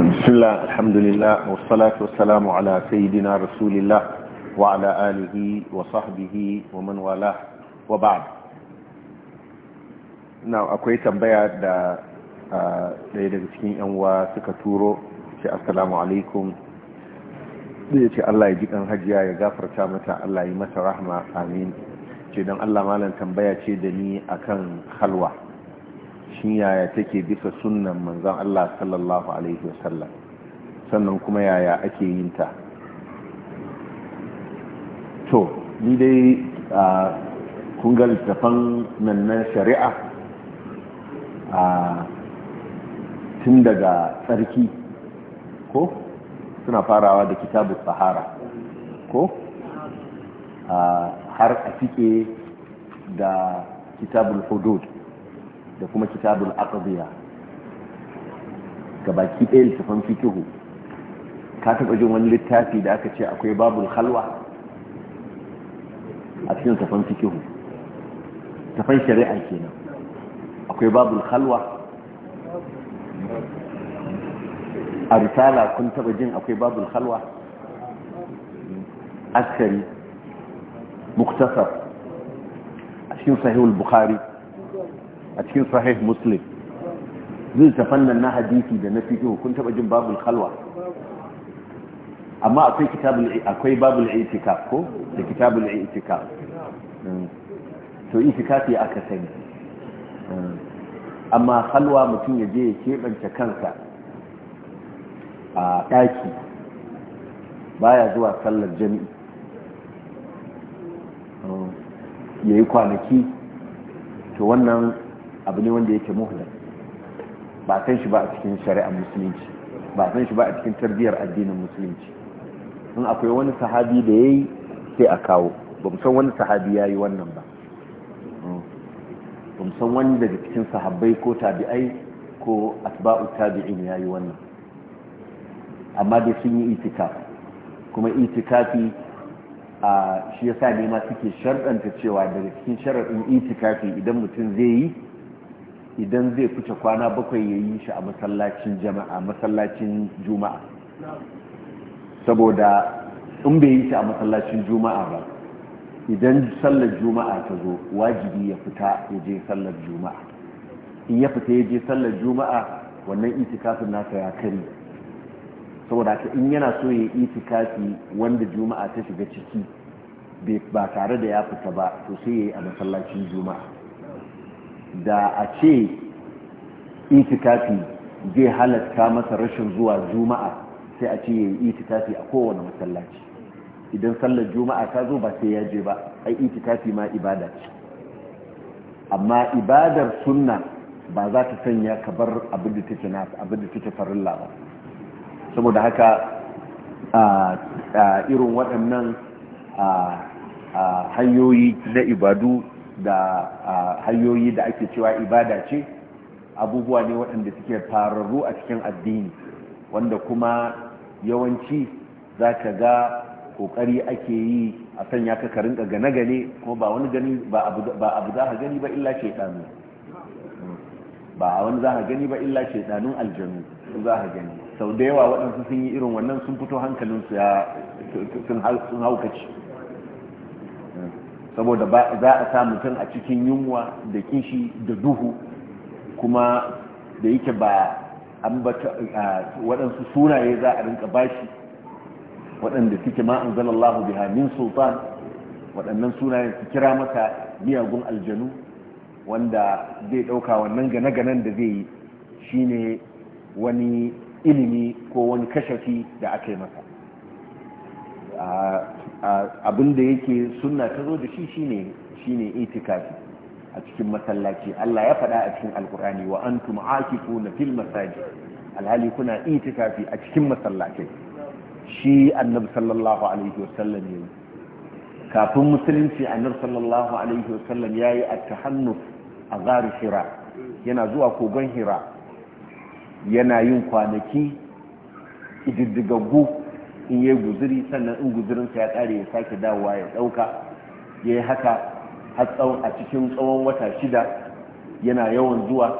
بسم الله الحمد لله والصلاة والسلام على سيدنا رسول الله وعلى آله وصحبه ومن والاه وبعد akwai tambaya da ah, ɗaya daga cikin yan uwa suka turo ce assalamu alaikum zai ce Allah ya ji hajiya ya gafarta mata Allah ya mata rahma amin Cedan don Allah malam tambaya ce da ni akan halwa shi yaya take bisa sunnan manzon Allah sallallahu alaihi wasallam sannan kuma yaya ake yin ta to ni dai a kunga tafan nan na shari'a a tun daga tsarki ko suna farawa da kitabu sahara ko har a fike da kitabul hudud da kuma kitabul aqdiya ga baki ɗaya littafin fikihu ka taɓa jin wani littafi da aka ce akwai babul halwa a cikin tafan fikihu tafan shari'a kenan akwai babul halwa a risala kun taɓa jin akwai babul halwa askari muktasar a cikin sahihul bukhari a cikin sahih muslim zai tafan nan na hadisi da na fito kun taba jin babul khalwa amma akwai kitabul akwai babul i'tikaf ko da kitabul i'tikaf mm. to itikafi aka sani mm. amma kalwa mutum ya je ya keɓance kansa a ɗaki baya zuwa sallar jami'i mm. ya yi kwanaki to wannan abu ne wanda yake muhla ba san shi ba a cikin shari'ar musulunci ba san shi ba a cikin tarbiyyar addinin musulunci in akwai wani sahabi da yayi sai a kawo ba san wani sahabi yayi wannan ba ba san wani daga cikin sahabbai ko tabi'ai ko asba'u tabi'in yayi wannan amma dai sun yi itikafi kuma itikafi a shi yasa ne ma suke sharɗanta cewa daga cikin sharaɗin itikafi idan mutum zai yi idan zai fice kwana bakwai ya yi shi a masallacin jama'a masallacin juma'a saboda in bai yi shi a masallacin juma'a ba idan sallar juma'a ta zo wajibi ya fita ya je sallar juma'a in ya fita ya je sallar juma'a wannan itikafin nasa ya kari saboda ka in yana so ya itikafi wanda juma'a ta shiga ciki ba tare da ya fita ba to sai ya yi a masallacin juma'a da a ce itikafi zai halatta masa rashin zuwa juma'a sai a ce yayi itikafi a kowane masallaci idan sallar juma'a ta zo ba sai ya je ba ai itikafi ma ibada ce amma ibadar sunna ba za ta sanya ka bar abin da take abin da farilla ba saboda haka a irin waɗannan hanyoyi na ibadu da hanyoyi da ake cewa ibada ce abubuwa ne waɗanda suke fararru a cikin addini wanda kuma yawanci za ka ga ƙoƙari ake yi a sanya ka ka rinka gane-gane kuma ba wani gani ba abu za ka gani ba illa ɗanu ba wani za ka gani ba illa shaidanun aljanu sun za ka gani sau da yawa waɗansu sun yi irin wannan sun fito hankalinsu ya sun haukaci saboda za a sa mutum a cikin yunwa da kishi da duhu kuma da yake ba an waɗansu sunaye za a rinka bashi waɗanda suke ma an Allah biha min sultan waɗannan sunaye su kira masa miyagun aljanu wanda zai ɗauka wannan gane-ganen da zai yi shi ne wani ilimi ko wani kashafi da aka yi masa abin da yake suna ta zo da shi shine shine itikafi a cikin masallaci Allah ya faɗa a cikin alkurani wa antum aakifuna fil masajid alhali kuna itikafi a cikin masallaci shi annabi sallallahu alaihi wasallam ne kafin musulunci annabi sallallahu alaihi wasallam yayi at-tahannuf a zari hira yana zuwa kogon hira yana yin kwanaki ididdigaggu in yi guziri sannan in guzirinsa ya ƙare ya sake dawowa ya ɗauka ya yi haka a cikin tsawon wata shida yana yawan zuwa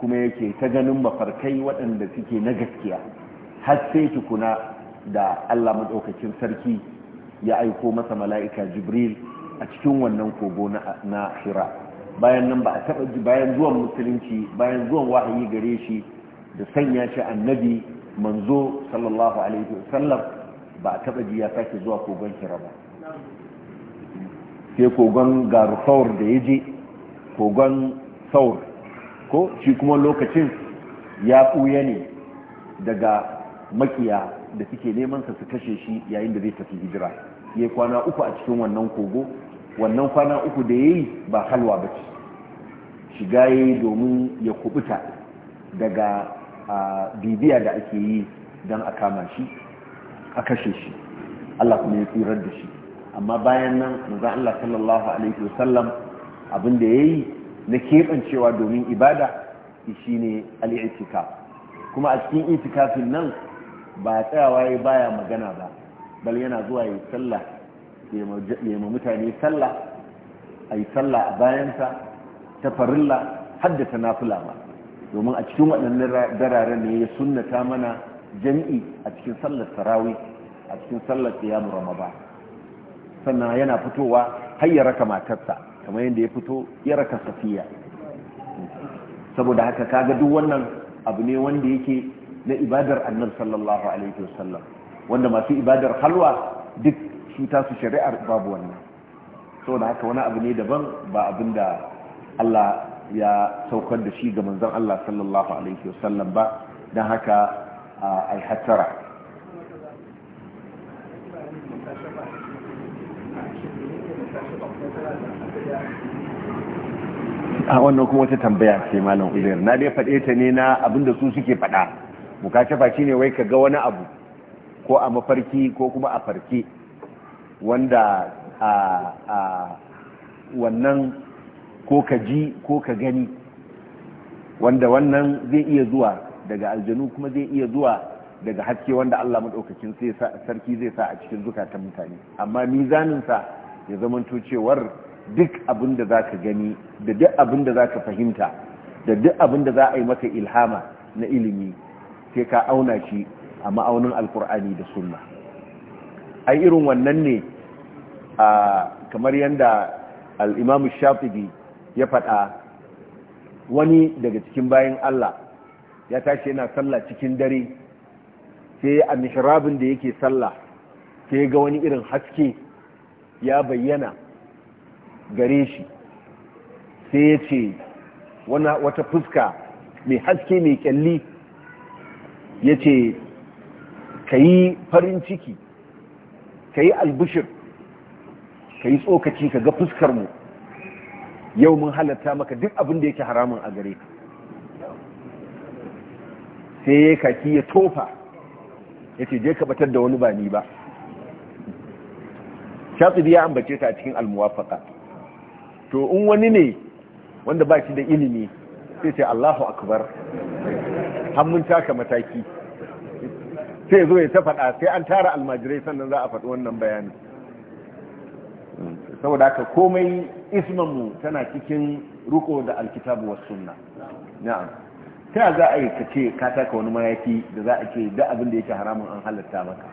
kuma yake ta ganin mafarkai waɗanda suke na gaskiya har sai tukuna da allah maɗaukacin sarki ya aiko masa mala'ika jibril a cikin wannan kogo na shira bayan nan ba a taɓa bayan zuwan musulunci bayan zuwan wahayi gare shi da sanya shi annabi manzo sallallahu alaihi wasallam ba a taba jiya ya sake zuwa kogon kira ba sai kogon garu da ya je kogon saur ko shi kuma lokacin ya ɓuya ne daga makiya da suke neman sa su kashe shi yayin da zai tafi hijira ya kwana uku a cikin wannan kogo wannan kwana uku da ya yi ba halwa ba ce shiga ya yi domin ya kubuta daga bibiya da ake yi don a kama shi a kashe shi Allah kuma ya tsirar da shi amma bayan nan manzon Allah sallallahu alaihi wasallam abin da yayi na kebancewa domin ibada shine al-i'tikaf kuma a cikin itikafin nan ba tsayawa yayi baya magana ba bal yana zuwa yayi sallah ya ma mutane sallah ayi sallah a bayansa ta farilla ta nafila ba domin a cikin waɗannan dararen ne ya sunnata mana jami'i a cikin sallar tarawi a cikin sallar qiyamul ramaba sannan yana fitowa har ya raka matarsa kamar yadda ya fito ya raka safiya saboda haka kaga duk wannan abu ne wanda yake na ibadar annabi sallallahu alaihi wasallam wanda masu ibadar halwa duk su shari'ar babu wannan saboda haka wani abu ne daban ba abin da Allah ya saukar da shi ga manzon Allah sallallahu alaihi wasallam ba don haka a a wannan kuma wata tambaya ce malam uzair na dai faɗe ta ne na abinda su suke faɗa mukashafa shi ne wai ka ga wani abu ko a mafarki ko kuma a farke wanda a wannan ko ka ji ko ka gani wanda wannan zai iya zuwa daga aljanu kuma zai iya zuwa daga haske wanda Allah madaukakin sarki zai sa a cikin zukatan mutane amma mizanin sa ya zamanto cewar duk abin da zaka gani da duk abin da zaka fahimta da duk abin da za a yi maka ilhama na ilimi sai ka auna shi a ma'aunin alkur'ani da sunna ai irin wannan ne a kamar yadda al'imamu shafi'i ya faɗa wani daga cikin bayan Allah ya tashi yana sallah cikin dare sai a mihrabin da yake sallah sai ga wani irin haske ya bayyana gare shi sai ya ce wata fuska mai haske mai kyalli ya ce ka yi farin ciki ka yi albushir ka yi tsokaci ka ga fuskar mu yau mun halatta maka duk abin da yake haramun a gare ka sai ya kaki ya tofa ya ce je ka batar da wani ba ni ba biya ya ambace ta a cikin almuwafaka to in wani ne wanda ba shi da ilimi sai ce allahu akbar hannun taka mataki sai zo ya ta faɗa sai an tara almajirai sannan za a faɗi wannan bayanin saboda haka komai ismanmu tana cikin ruko da alkitabu wasu sunna na'am ta za a yi ka ce ka taka wani mayaki da za a ce da abin da yake haramun an halatta maka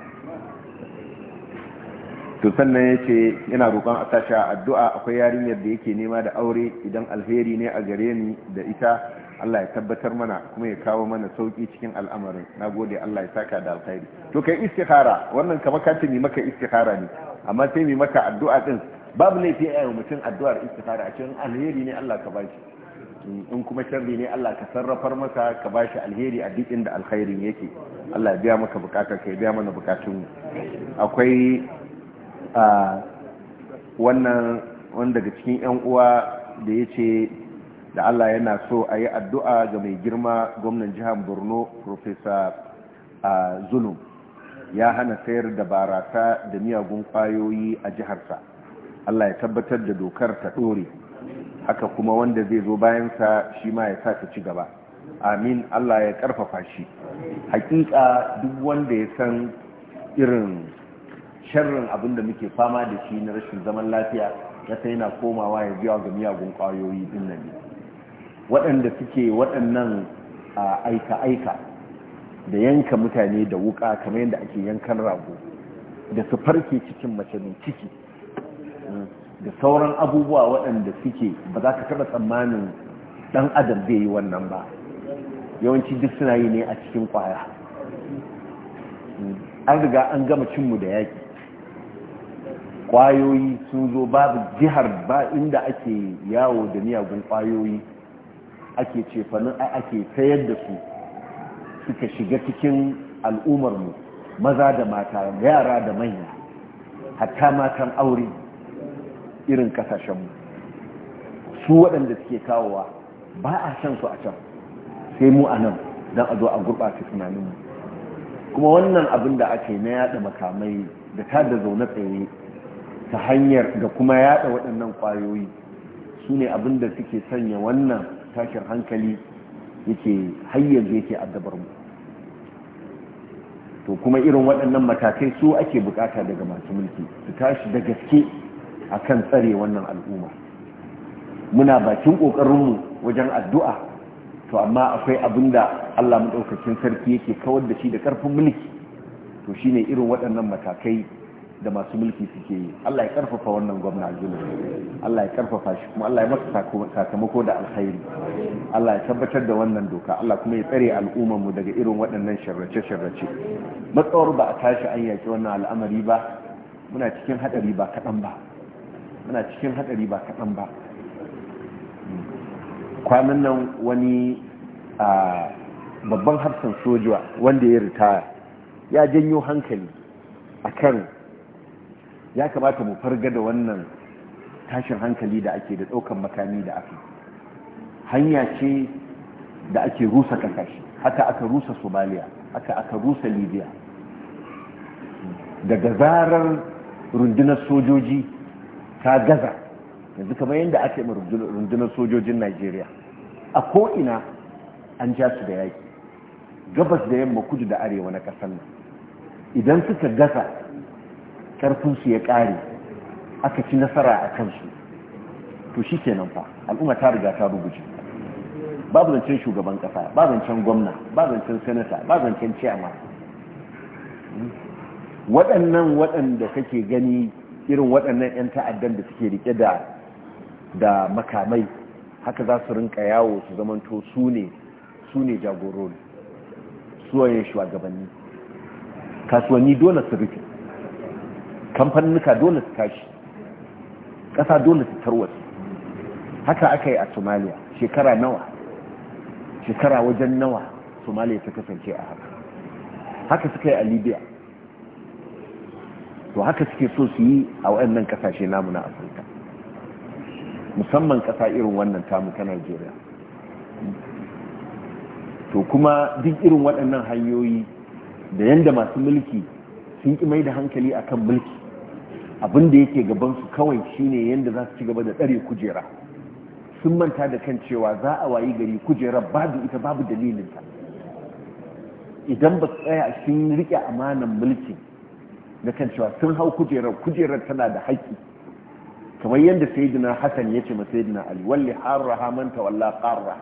to sannan ya ce yana roƙon a sashi addu'a akwai yarinyar da yake nema da aure idan alheri ne a gare ni da ita Allah ya tabbatar mana kuma ya kawo mana sauki cikin al'amarin na gode Allah ya saka da alkhairi to kai istikhara wannan kamar ka ce maka istikhara ne amma sai mai maka addu'a din babu laifi a yau mutum addu'ar istikhara a cikin alheri ne Allah ka bashi in kuma sharri ne Allah ka sarrafar masa ka ba shi alheri a duk inda alkhairin yake Allah ya biya maka bukatar ka ya biya mana bukatun akwai wannan wanda daga cikin yan uwa da yace da Allah yana so a yi addu'a ga mai girma gwamnan jihar Borno Professor Zulum ya hana sayar da barasa da miyagun kwayoyi a jihar jiharsa Allah ya tabbatar da dokar ta dore haka kuma wanda zai zo bayansa shi ma ya sa ta ci gaba amin Allah ya karfafa shi hakika duk wanda ya san irin sharrin abin da muke fama da shi na rashin zaman lafiya ya sai na komawa ya biya ga miyagun kwayoyi din nan waɗanda suke waɗannan aika-aika da yanka mutane da wuka kamar yadda ake yankan rago da su farke cikin mace mai ciki hmm. da sauran abubuwa waɗanda suke ba za ka taɓa tsammanin ɗan adam zai yi wannan ba yawanci duk suna yi ne a cikin ƙwaya an riga an gama cinmu da yaƙi ƙwayoyi sun zo babu jihar ba inda ake yawo da miyagun ƙwayoyi ake cefanin ake sayar da su suka shiga cikin al'ummarmu maza da mata yara da manya hatta matan aure irin kasashenmu su waɗanda suke kawowa ba a shan su a can sai mu a nan don a zo a gurɓata tunaninmu kuma wannan abin da ake na yaɗa makamai da ta da zaune tsaye ta hanyar da kuma yaɗa waɗannan ƙwayoyi su ne abin da suke sanya wannan tashin hankali yake hayyar yake addabar mu to kuma irin waɗannan matakai su ake bukata daga masu mulki su tashi da gaske akan tsare wannan al'umma muna bakin kokarinmu wajen addu'a to amma akwai abinda Allah maɗaukakin sarki yake kawar da shi da karfin mulki to shine irin waɗannan matakai da masu mulki suke yi Allah ya karfafa wannan gwamna aljuna Allah ya karfafa shi kuma Allah ya masa sakamako da alkhairi Allah ya tabbatar da wannan doka Allah kuma ya tsare al'ummar mu daga irin waɗannan sharrace sharrace matsawar ba a tashi an yaki wannan al'amari ba muna cikin hadari ba kaɗan ba muna cikin hadari ba kaɗan ba kwanan nan wani a babban hafsan sojuwa wanda ya ritaya ya janyo hankali a kan ya kamata mu farga da wannan tashin hankali da ake da ɗaukan makami da aka hanya ce da ake rusa kasashe haka aka rusa somaliya haka aka rusa libya daga zarar rundunar sojoji ta gaza yanzu kamar yadda ake ma rundunar sojojin najeriya a ko'ina an ja su da yaki gabas da yamma kudu da arewa na ƙasar nan idan suka gaza ƙarfinsu ya ƙare aka ci nasara a kansu to shi kenan fa al'umma ta riga ta rubuce babu zancen shugaban ƙasa babu zancen gwamna babu zancen senata babu zancen ciyama waɗannan waɗanda kake gani irin waɗannan 'yan ta'addan da suke rike da da makamai haka za su rinka yawo su zamanto su ne su ne jagorori suwayen shugabanni kasuwanni dole su rufe kamfanuka dole su tashi ƙasa dole su tarwata haka aka yi a somalia shekara nawa shekara wajen nawa somalia ta kasance a haka haka suka yi a libya to haka suke so su yi a wayannan kasashe namu na afirka musamman kasa irin wannan tamu ta nigeria to kuma duk irin waɗannan hanyoyi da yadda masu mulki sun ki mai da hankali akan mulki abinda da yake gabansu kawai shine yadda za su ci gaba da tsare kujera sun manta da kan cewa za a wayi gari kujera babu ita babu dalilinta idan ba su tsaya sun riƙe amanan mulki na kan cewa sun hau kujerar kujerar tana da haƙƙi kamar yadda sayyidina Hassan ya ce ma sayyidina ali walli harraha ta walla qarra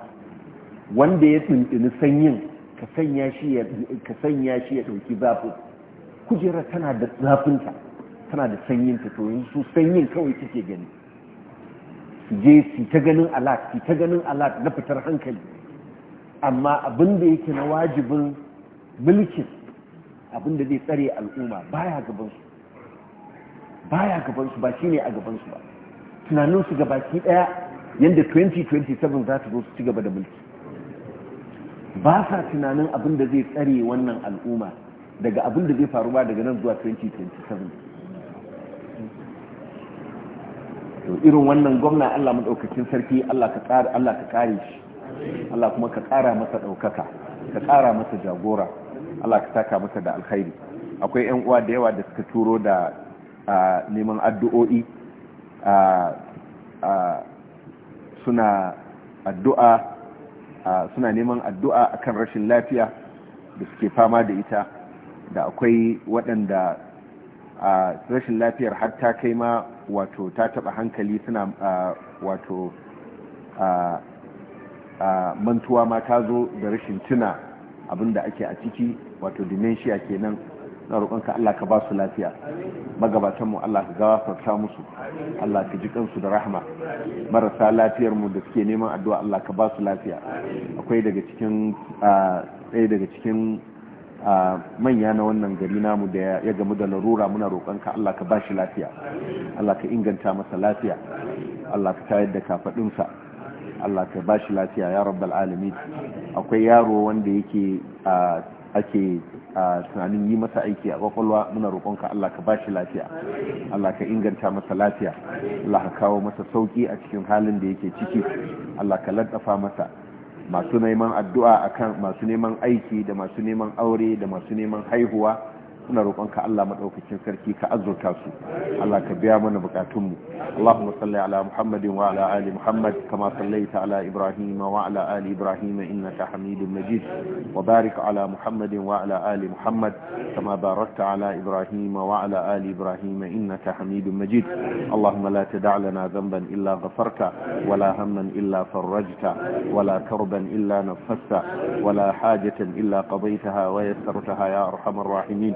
wanda ya tsintini sanyin ka sanya shi ya ka sanya shi ya dauki zafi kujerar tana da zafinta tana da sanyin ta to yanzu sanyin kawai kike gani su je su ta ganin alat su ta ganin alat na fitar hankali amma abin da yake na wajibin mulkin abin da zai tsare al'umma baya gabansu baya gabansu ba shine a gabansu ba tunaninsu ga baki daya yadda 2027 za su zo su ci gaba da mulki ba sa tunanin abin da zai tsare wannan al'umma daga abin da zai faru ba daga nan zuwa 2027 to irin wannan gwamna Allah madaukakin sarki Allah ka kare Allah ka kare shi Allah kuma ka kara masa daukaka ka kara masa jagora Allah ka saka masa da alkhairi akwai yan uwa da yawa da suka turo da neman addu'o'i suna addu'a suna neman addu'a akan rashin lafiya da suke fama da ita da akwai waɗanda rashin lafiyar har ta kai ma wato ta taɓa hankali suna wato mantuwa ma ta zo da rashin tuna abinda ake a ciki wato dementia kenan na roƙonka Allah ka ba su lafiya magabatan mu Allah ka gafarta musu Allah ka ji kansu da rahma marasa lafiyar mu da suke neman addu'a Allah ka ba su lafiya akwai daga cikin ɗaya daga cikin manya na wannan gari namu da ya gamu da larura muna roƙonka Allah ka ba shi lafiya Allah ka inganta masa lafiya Allah ka tayar da kafaɗinsa Allah ka ba shi lafiya ya rabbal alamin akwai yaro wanda yake ake tunanin yi masa aiki a kwakwalwa muna roƙonka Allah ka bashi lafiya Allah ka inganta masa lafiya Allah ka kawo masa sauƙi a cikin halin da yake ciki Allah ka lantafa masa masu neman addu'a akan masu neman aiki da masu neman aure da masu neman haihuwa suna roƙonka Allah madaukakin sarki ka azurta su Allah ka biya mana bukatunmu Allahumma salli ala Muhammadin wa ala ali Muhammad kama sallaita ala Ibrahim wa ala ali Ibrahim innaka Hamidum Majid wa barik ala Muhammadin wa ala ali Muhammad kama barakta ala Ibrahim wa ala ali Ibrahim innaka Hamidum Majid Allahumma la tada' lana dhanban illa ghafarta wa la hamman illa farajta wa la karban illa nafasta wa la hajatan illa qadaytaha wa yassartaha ya arhamar rahimin